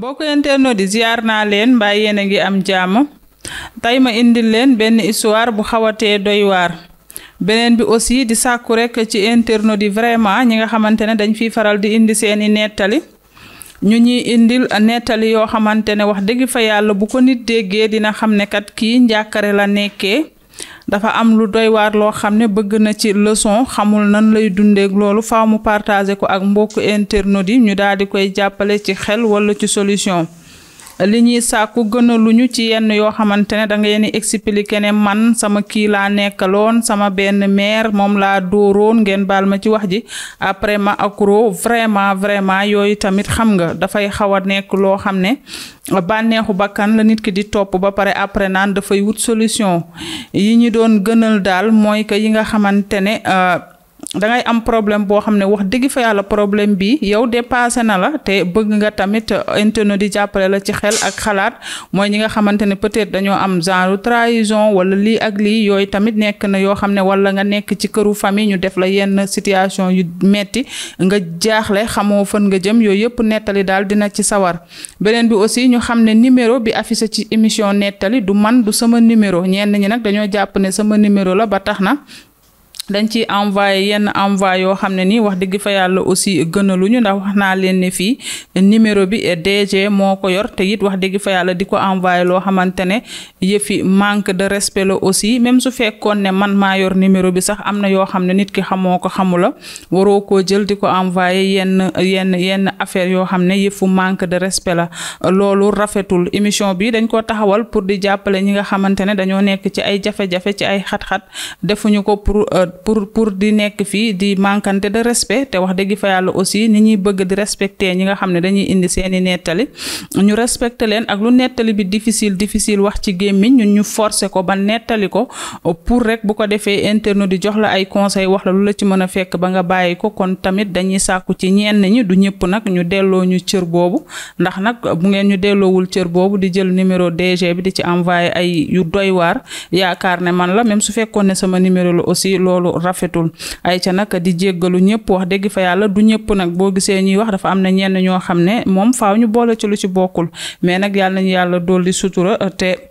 mbokk internet di ziar naa leen mbaa yéen a ngi am jàmm tey ma indil leen benn histoire bu xawatee doy waar beneen bi aussi di sàkku rekk ci internet yi vraiment ñi nga xamante ne dañ fiy faral di indi seen i nettali ñu ñuy indil nettali yoo xamante ne wax dëgg fa yàlla bu ko nit déggee dina xam ne kat kii njàkkare la nekkee dafa am lu doy waar loo xam ne bëgg na ci leçon xamul nan lay dundeek loolu faaw mu partager ko ak mbokk internet yi ñu daal di koy jàppale ci xel wala ci solution li ñuy sàkku gënaluñu ci yenn yoo xamante ne da ngeen di expliquer ne man sama kii laa nekkaloon sama benn maire moom laa dooroon ngeen baal ma ci wax ji après ma accro vraiment vraiment yooyu tamit xam nga dafay xaw a nekk loo xam ne bànneexu bakkan la nit ki di topp ba pare après naan dafay wut solution yi ñu doon gënal daal mooy que yi nga xamante ne euh, dangay am problème boo xam ne wax dëgg fa yàlla problème bii yow dépassé na la te bëgg nga tamit euh, internet di jàppale la ci xel ak xalaat mooy ñi nga xamante ne peut-être dañoo am genre trahison wala lii ak lii yooyu tamit nekk na yoo xam ne wala nga nekk ci këru famille ñu def la yenn situation yu metti nga jaaxle xamoo fan nga jëm yooyu yëpp nettali daal dina ci sawar beneen bi aussi ñu xam ne numéro bi affiché ci émission nettali du man du sama numéro ñenn ñi nag dañoo jàpp ne sama numéro la ba tax na dañ ci envoyé yenn envoyé yoo xam ne nii wax dëgg fa yàlla aussi ñu ndax wax naa leen ne fii numéro bi DG moo ko yor te it wax dëgg fa yàlla di ko envoyé loo xamante ne yëfi manque de respect la aussi même su fekkoon ne man maa yor numéro bi sax am na yoo xam ne nit ki xamoo ko xamula waroo koo jël di ko envoyé yenn yenn yenn affaire yoo xam ne yëfu manque de respect la loolu rafetul émission bi dañ ko taxawal pour di jàppale ñi nga xamante ne dañoo nekk ci ay jafe ci ay xat pour pour di nekk fii di manquante de respect te wax dëgg fa yàlla aussi ni ñuy bëgg di respecter ñi nga xam ne dañuy indi seeni nettali ñu respecté leen ak lu nettali bi difficile difficile wax ci gémmiñ ñun ñu forcé ko ba nettali ko pour rek bu ko defee internet di jox la ay conseil wax la lu la ci mën a fekk ba nga bàyyi ko kon tamit dañuy sàkku ci ñenn ñi du ñëpp nag ñu delloo ñu cër boobu ndax nag bu ngeen ñu delloowul cër boobu di jël numéro DG bi di ci envoyé ay yu doy waar loolu rafetul ay ca nag di jéggalu ñëpp wax dëgg fa yàlla du ñëpp nag boo gisee ñuy wax dafa am na ñenn ñoo xam ne moom faaw ñu boole ci lu ci bokkul mais nag yàlla nañu yàlla dolli sutura uh, te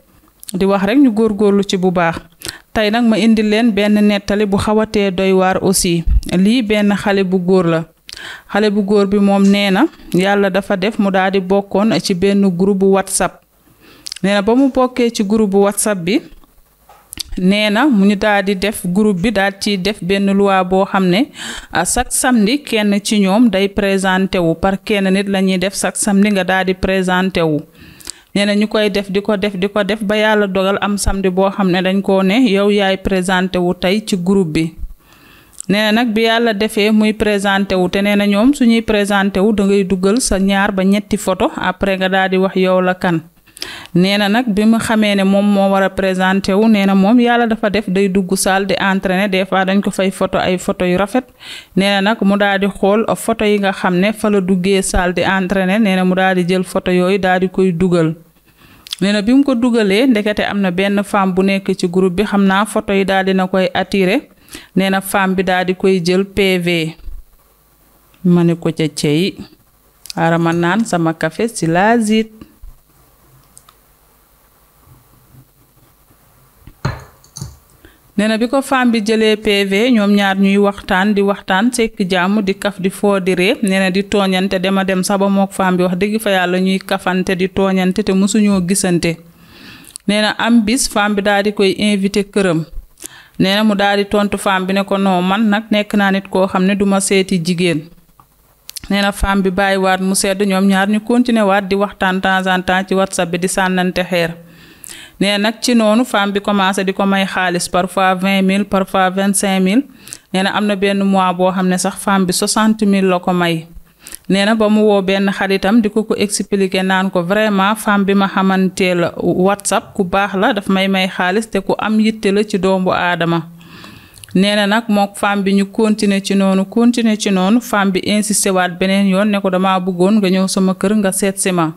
di wax rek ñu góor góorlu ci bu baax tey nag ma indi leen benn nettali bu xawatee doy waar aussi lii benn xale bu góor la xale bu góor bi moom nee na yàlla dafa def mu daal di bokkoon ci benn groupe bu whatsapp nee na ba mu bokkee ci groupe whatsapp bi nee na mu ñu daal di def group bi daal ci def benn loi boo xam ne ah, chaque samedi kenn ci ñoom day présenté wu par kenn nit la ñuy def chaque samedi nga daal di présenté wu. nee na ñu koy def di ko def di ko def ba yàlla dogal am samedi boo xam ne dañ koo ne yow yaay présenté wu tey ci groupe bi. nee nag bi yàlla defee muy présenté wu te nee ñoom suñuy présenté wu da ngay dugal sa ñaar ba ñetti photo après nga daal di wax yow la kan nee na nag bi mu xamee ne moom moo war a présenté wu nee na moom yàlla dafa def day dugg salle di entraîné des fois dañ ko fay photo ay photo yu rafet nee nag mu daal di xool photo yi nga xam ne fa duggee salle di entraîné nee na mu daal di jël photo yooyu daal di koy dugal nee na bi mu ko dugalee ndekete am na benn femme bu nekk ci groupe bi xam naa photo yi daal dina koy attiré nee na femme bi daal di koy jël PV ma ne ko ca cey ara ma naan sama café si laazit nee na bi ko femme bi jëlee PV ñoom ñaar ñuy waxtaan di waxtaan sekk jàmm di kaf di foo di ree di tooñante dama dem sax ba mook femme bi wax dëgg fa yàlla ñuy kafante di tooñante te mosuñoo gisante nee na am bis femme bi daal di koy invité këram nee na mu daal di tontu femme bi ne ko non man nag nekk naa nit koo xam ne duma seeti jigéen nee na femme bi waat mu sedd ñoom ñaar ñu continuer waat di waxtaan temps en temps ci whatsapp bi di sànnante xeer nee nag ci noonu femme bi commencé di ko may xaalis parfois vingt mille parfois vingt cinq mille nee am na benn mois boo xam ne sax femme bi soixante mille la ko may. nee na ba mu woo benn xaritam di ko ko expliquer naan ko vraiment femme bi ma xamante la whatsapp ku baax la daf may may xaalis te ku am yitte la ci doomu aadama nee na nag mook femme bi ñu continuer ci noonu continuer ci noonu femme bi insisté waat beneen yoon ne ko dama bëggoon nga ñëw sama kër nga seet si ma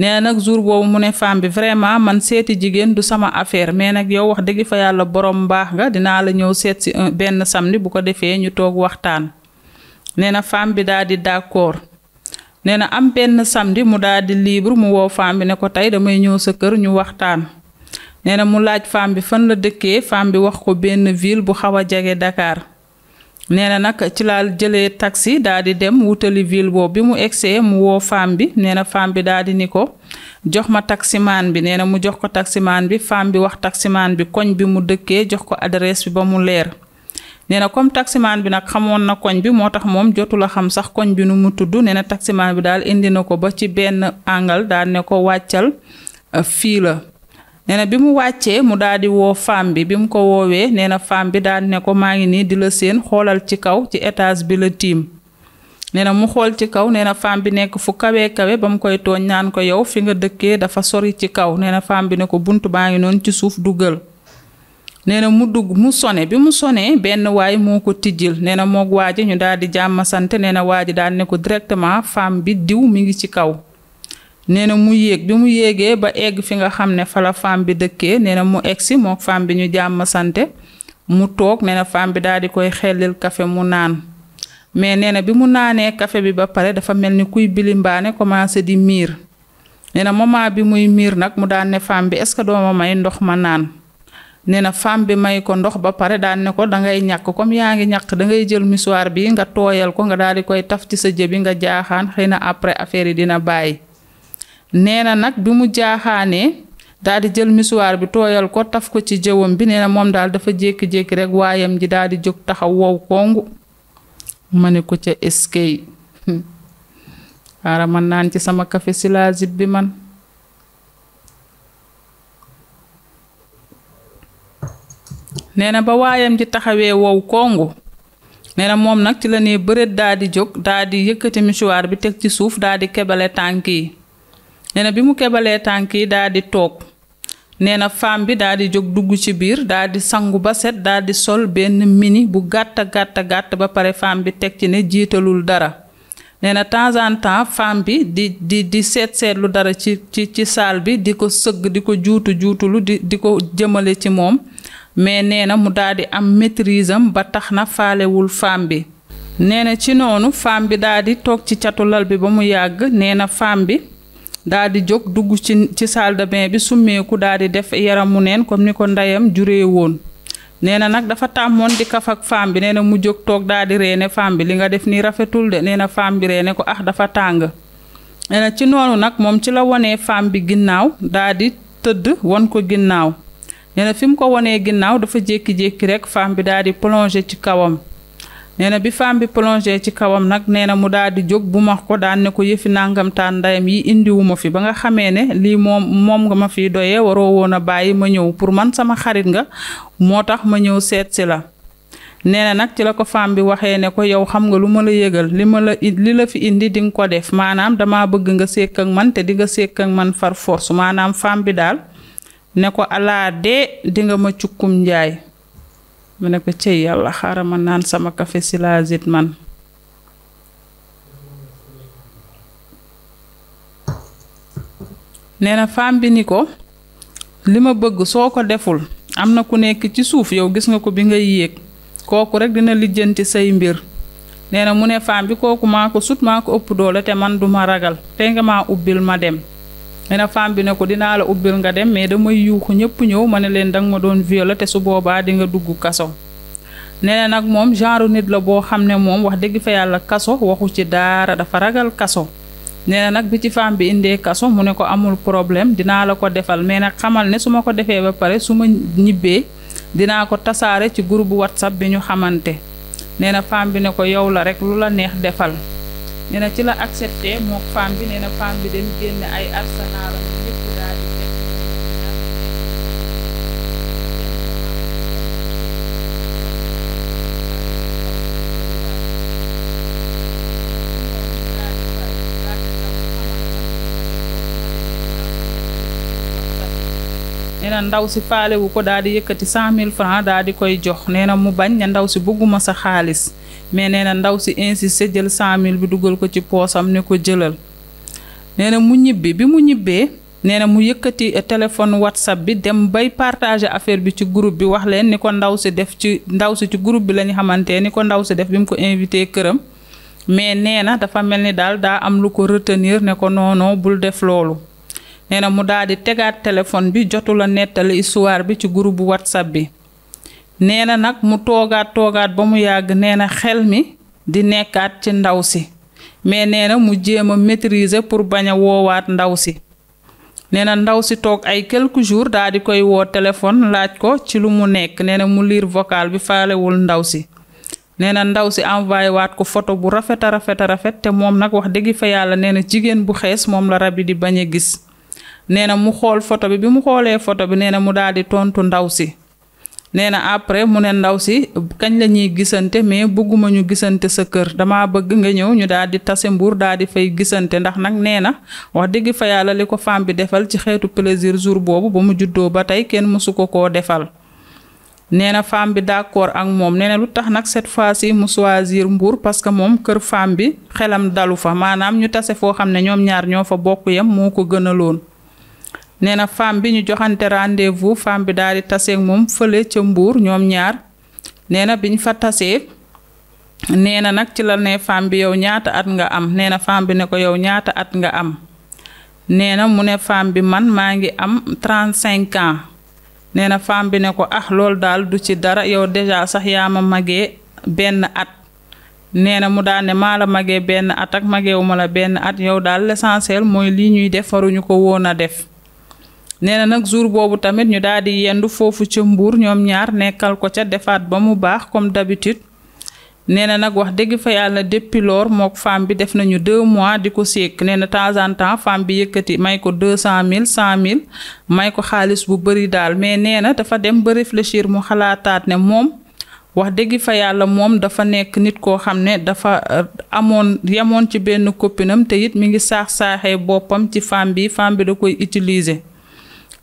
nee nag jour boobu mu ne femme bi vraiment man seeti jigéen du sama affaire mais nag yow wax dëgg fa yàlla boroom mbaax nga dinaa la ñëw seet si benn samedi bu ko defee ñu toog waxtaan. nee na femme bi daal di d'accord nee na am benn samedi mu daal di libre mu wow femme bi ne ko tey damay ñëw sa kër ñu waxtaan. nee na mu laaj femme bi fan la dëkkee femme bi wax ko benn ville bu xaw a jege Dakar. nee na nag ci laa jëlee taksi daal di dem wutali ville boobu bi mu egsee mu woo femme bi nee na femme bi daal di ni ko jox ma taximaan bi nee na mu jox ko taximaan bi femme bi wax taximaan bi koñ bi mu dëkkee jox ko adresse bi ba mu leer. nee na comme taximaan bi nag xamoon na koñ bi moo tax moom jotul a xam sax koñ bi nu mu tudd nee na taximaan bi daal indi na ko ba ci benn àngal daal ne ko wàccal fii la. nee na bi mu wàccee mu daal di woo femme bi bi mu ko woowee nee na femme bi daal ne ko maa ngi nii di la séen xoolal ci kaw ci étage bi la tiim nee na mu xool ci kaw nee na femme bi nekk fu kawee kawe ba mu koy tooñ naan ko yow fi nga dëkkee dafa sori ci kaw nee na femme bi ne ko bunt baa ngi noonu ci suuf dugal nee na mu dugg mu sone bi mu sonee benn waay moo ko tijjil nee na moog waa ji ñu daal di jàmm sante nee na waa ji daal ne ko directement femme bi diw mi ngi ci kaw nee na mu yéeg bi mu yéegee ba egg fi nga xam ne fala la femme bi dëkkee nee na mu egsi moo femme bi ñu jàmm sante mu toog nee na femme bi daal di koy xellil café mu naan mais nee na bi mu naanee café bi ba pare dafa mel ni kuy bilimbaane commencé di miir nee na moment bi muy miir nag mu daan ne femme bi est-ce que dooma may ndox ma naan nee na femme bi may ko ndox ba pare daan ne ko dangay ñàkk comme yaa ngi ñàkk dangay jël mouchoir bi nga tooyal ko nga daal di koy taf ci sa jë bi nga jaaxaan xëy na après affaire yi dina bàyyi nee na nag bi mu jaaxaanee daldi jël misuwaar bi tooyal ko taf ko ci jëwam bi neena na moom daal dafa jékki-jékki rekk waayam ji daal di jóg taxaw wow kongu ma ne ko ca eskey xaaral man naan ci sama kafe silaasib bi man nee na ba waayam ji taxawee wow kongu nee na moom nag ci la ne bërët daldi di jóg daal yëkkati misuwaar bi teg ci suuf daal di kebale tànk yi nee bi mu kebalee tànk yi daa di toog nee na femme bi daa di jóg dugg ci biir daa di sangu ba set daa di sol benn mini bu gàtta gàtta gàtt ba pare femme bi teg ci ne jiitalul dara nee na temps en bi di di di seet seetlu dara ci ci ci saal bi di ko sëgg di ko juutu juutulu di di ko jëmale ci moom mais nee na mu daldi am maîtrise ba tax na faalewul femme bi nee na ci noonu femme bi daal toog ci catu lal bi ba mu yàgg nee na femme bi daal di jóg dugg ci ci salle de bi summeeku daal di def yaramu neen ko ni ko ndeyam juree woon nee na nag dafa tàmmoon di kaf ak bi nee na mu jóg toog daal di reene femme bi li nga def nii rafetul de neena na femme bi reene ko ax ah, dafa tàng nee ci noonu nag moom ci la wonee femme bi ginnaaw daal di tëdd won ko ginnaaw nee na fi mu ko wonee ginnaaw dafa jékki-jékki rekk femme bi daal di plongé ci kawam nee na bi femme bi plongé ci kawam nag nee na mu daal di jóg bu ma ko daan ne ko yëfi nàngamtaan ndayam yi indiwuma ma fi ba nga xamee ne lii moom moom nga ma fi doyee waroo woon a bàyyi ma ñëw pour man sama xarit nga moo tax ma ñëw seet si la nee na nag ci la ko femme bi waxee ne ko yow xam nga lu ma la yëgal li ma la li la fi indi di nga ko def maanaam dama bëgg nga sekk ak man te di sekk ak man far force maanaam femme bi daal ne ko alaa dee di ma cukkum njaay mu ne ko cëy yàlla xaaral ma naan sama café silaasit man nee na femme bi ni ko li ma bëgg soo ko deful am na ku nekk ci suuf yow gis nga ko bi ngay yéeg kooku rekk dina lijjanti say mbir nee na mu ne femme bi kooku maa ko sut maa ko ëpp doole te man duma ragal te nga maa ubbil ma dem nee na femme bi ne ko dinaa la ubbil nga dem mais damay yuuxu ñëpp ñëw ma ne leen danga ma doon violer te su boobaa di nga dugg kaso nee na nag moom genre nit la boo xam ne moom wax dëgg fa yàlla kaso waxu ci daara dafa ragal kaso nee na nag bi ci femme bi indee kaso mu ne ko amul problème dinaa la ko defal mais nag xamal ne su ma ko defee ba pare su ma ñibbee dinaa ko tasaare ci groupe whatsapp bi ñu xamante nee na femme bi ne ko yow la rek lu la neex defal nee na ci la accepté mook femme bi nee na femme bi dem génne ay arsenal am lépp daal ndaw si faalewu ko daal di yëkkati cent mille francs daal di koy jox nee na mu bañ ne ndaw si bëgguma sa xaalis mais nee na ndaw si insisté jël cent mille bi dugal ko ci poosam ne ko jëlal nee na mu ñibbi bi mu ñibbee nee na mu yëkkati téléphone whatsapp bi dem bay partage affaire bi ci group bi wax leen ni ko ndaw si def ci ndaw si ci groupe bi la ñu xamante ni ko ndaw si def bi mu ko invité këram mais nee na dafa mel ni daal daa am lu ko retenir ne ko noonoo bul def loolu nee na mu daal di tegaat téléphone bi jotul a nettali histoire bi ci groupe whatsapp bi nee na nag mu toogaat toogaat ba mu yàgg nee na xel mi di nekkaat ci ndaw si mais nee na mu jéem a maîtriser pour bañ a woowaat ndaw si nee na ndaw si toog ay quelques jours daal di koy woo téléphone laaj ko ci lu mu nekk nee na mu liir vocal bi faalewul ndaw si nee ndaw si envoyé waat ko photo bu rafet a rafet rafet te moom nag wax dëgg fa yàlla nee na jigéen bu xees moom la rab yi di bañ a gis nee na mu xool photo bi bi mu xoolee foto bi nee na mu daal di tontu ndaw si nee na après mu ne ndaw si kañ la ñuy gisante mais bëgguma ñu gisante sa kër dama bëgg nga ñëw ñu daal di tase mbuur daal di fay gisante ndax nag nee na wax dëgg fa yàlla li ko femme bi defal ci xeetu plaisir jour boobu ba mu juddoo ba tey kenn mësu ko koo defal. nee na femme bi d'accord ak moom nee lu tax nag set fois-ci mu choisir Mbour parce que moom kër femme bi xelam dalu fa maanaam ñu tase foo xam ne ñoom ñaar fa bokk yam moo ko gënaloon. nee na femme bi ñu joxante rendez-vous femme bi daal di taseeg moom fële ca Mbuur ñoom ñaar nee na biñ fa tasee nee na nag ci la ne femme bi yow ñaata at nga am nee na femme bi ne ko yow ñaata at nga am nee na mu ne femme bi man maa ngi am 35 ans nee na femme bi ne ko ah loolu daal du ci dara yow déjà sax yaa ma magee benn at nee na mu daal ne maa la magee benn at ak mageewu ma la benn at yow daal l'essentiel mooy lii ñuy def waruñu ko woon a def nee na nag jour boobu tamit ñu daal di yendu foofu ca mbuur ñoom ñaar nekkal ko ca defaat ba mu baax comme d'habitude nee na nag wax dëgg fa yàlla depuis lors mook femme bi def nañu deux mois di ko séek nee na temps en temps femme bi yëkkati may ko deux cent mille cent mille may ko xaalis bu bëri daal mais nee na dafa dem ba réfléchir mu xalaataat ne moom wax dëgg fa yàlla moom dafa nekk nit koo xam ne dafa euh, amoon yemoon ci benn koppinam te it mi ngi saax saaxee boppam ci femme bi femme bi da koy utiliser.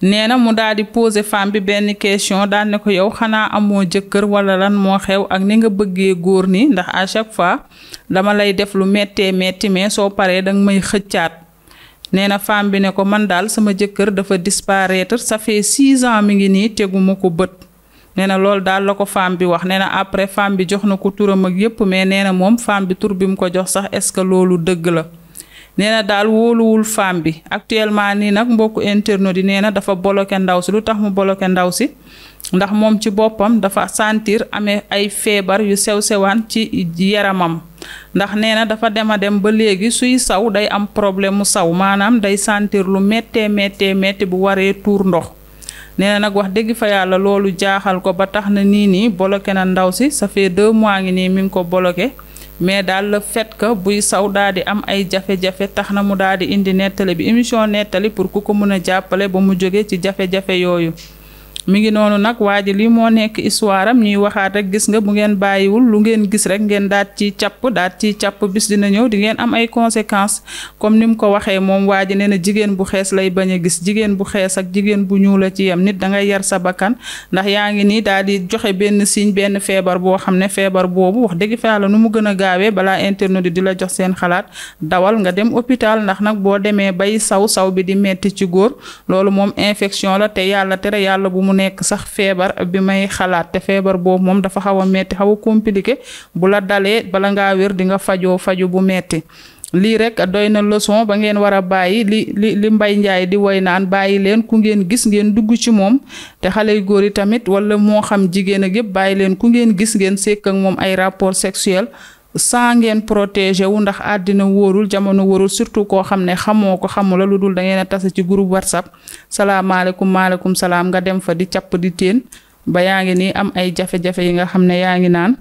nee na mu daal di poser femme bi benn question daal ne ko yow xanaa amoo jëkkër wala lan moo xew ak ni nga bëggee góor ni ndax à chaque fois dama lay def lu méttee metti mais soo paree danga may xëccaat nee na femme bi ne ko man daal sama jëkkër dafa disparaître ça fait six ans mi ngi nii teguma ko bët. nee na loolu daal la ko femme bi wax nee na après femme bi jox na ko turam ak yépp mais nee na moom femme bi tur bi mu ko jox sax est-ce que loolu dëgg la. nee na daal wóoluwul femme bi actuellement nii nag mbokk internautes yi nee na dafa bloqué ndaw si lu tax mu bloqué ndaw si ndax moom ci boppam dafa sentir amee ay feebar yu sew sewaan ci yaramam ndax nee na dafa dem a dem ba léegi suy saw day am problème mu saw maanaam day sentir lu méttee méttee métti bu waree tuur ndox. nee na nag wax dëgg fa yàlla loolu jaaxal ko ba tax na nii nii bloqué na ndaw si ça fait deux mois ngi nii mi ngi ko bloqué. mais daal le fait buy saw daal di am ay jafe-jafe tax na mu daal di indi nettali bi émission nettali pour ku ko mën a jàppale ba mu jóge ci jafe-jafe yooyu mi ngi noonu nag waa ji li moo nekk histoire am ñuy waxaat rek gis nga bu ngeen bàyyiwul lu ngeen gis rek ngeen daat ci càpp daat ci càpp bis dina ñëw di ngeen am ay conséquences comme ni mu ko waxee moom waa ji nee na jigéen bu xees lay bañ a gis jigéen bu xees ak jigéen bu ñuul la ci yem nit da ngay yar sa bakkan ndax yaa ngi nii daal di joxe benn siiñ benn feebar boo xam ne feebar boobu wax dëgg fa la nu mu gën a gaawee balaa internet di la jox seen xalaat dawal nga dem hôpital ndax nag boo demee bay saw saw bi di metti ci góor nekk sax feebar bi may xalaat te feebar boobu moom dafa xaw a metti xaw a bu la dalee bala ngaa wér di nga fajoo faju bu metti lii rek doy na leçon ba ngeen war a bàyyi li li li Mbay Njaay di woy naan bàyyi leen ku ngeen gis ngeen dugg ci moom te xale yu góor yi tamit wala moo xam jigéen a yëpp bàyyi leen ku ngeen gis ngeen sekk ak moom ay rapport sexuel saa ngeen protégé wu ndax àddina wóorul jamono wóorul surtout koo xam ne xamoo ko xamula lu dul da ngeen a tase ci war whatsapp salaamaaleykum maaleykum salaam nga dem fa di capp di teen ba yaa ngi ni am ay jafe-jafe yi nga xam ne yaa ngi naan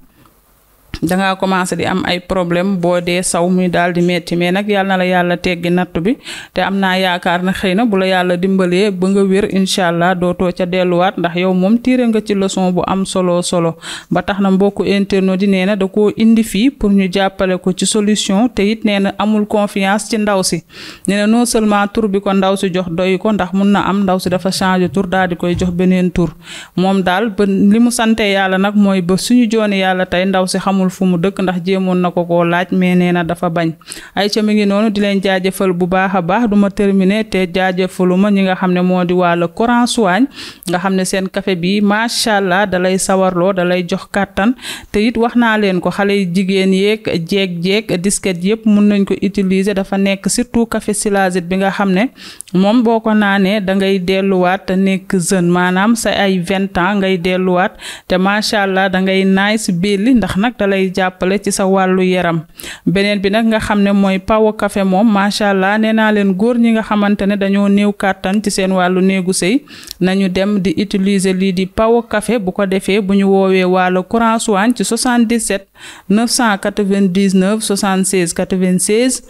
dangaa commencé di am ay problème boo dee saw muy daal di metti mais nag yàlla na la yàlla teggi nattu bi te am naa yaakaar na xëy na bu la yàlla dimbalee ba nga wér incha dootoo ca delluwaat ndax yow moom tiire nga ci leçon bu am solo solo ba tax na mbokku internet di nee na da koo indi fii pour ñu jàppale ko ci solution te it nee na amul confiance ci ndaw si nee na non seulement tur bi ko ndaw si jox doy ko ndax mun na am ndaw si dafa changé tur daal di koy jox beneen tur xamul fu mu dëkk ndax jéemoon na ko koo laaj mais nee na dafa bañ ay ca mi ngi noonu di leen jaajëfal bu baax a baax duma ma terminer te jaajëfalu ma ñi nga xam ne moo di waa le Coran nga xam ne seen kafe bi macha allah dalay sawarloo dalay jox kàttan te it wax naa leen ko xale yi jigéen yéeg jeeg-jeeg disket yëpp mun nañ ko utiliser dafa nekk surtout kafe silagite bi nga xam ne moom boo ko naanee da ngay delluwaat nekk jeune maanaam sa ay vingt ans ngay delluwaat lay jàppale ci sa wàllu yaram beneen bi nag nga xam ne mooy pawo kafe moom macha allah nee naa leen góor ñi nga xamante ne dañoo néew kàttan ci seen wàllu néegu sëy nañu dem di utiliser lii di pawo kafe bu ko defee bu ñu woowee wàllu courant soigne ci 77 999 76 96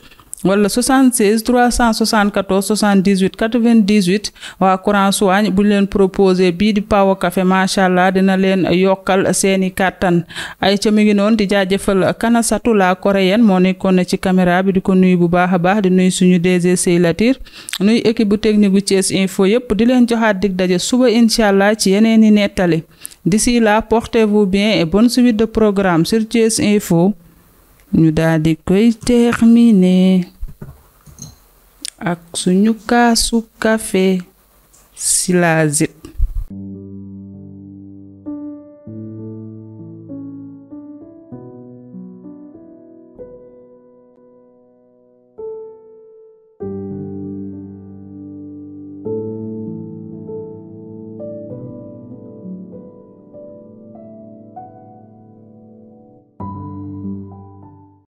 wala 76 374 78 98 waa courant soigne bu ñu leen proposé bii di Power Café macha allah dina leen yokkal seeni kàttan ay ca mi ngi noonu di jaajëfal Kanasatu la coréenne moo nekkoon ci caméra bi di ko nuyu bu baax a baax di nuyu suñu DG Sey Latir nuyu équipe bu technique bu Thiès Info yëpp di leen joxaat dig daje suba incha allah ci yeneen i nettali d'ici la porte vous bien et bonne suite de programme sur Thiès Info ñu daal di koy terminer. ak suñu kaasu kafe si la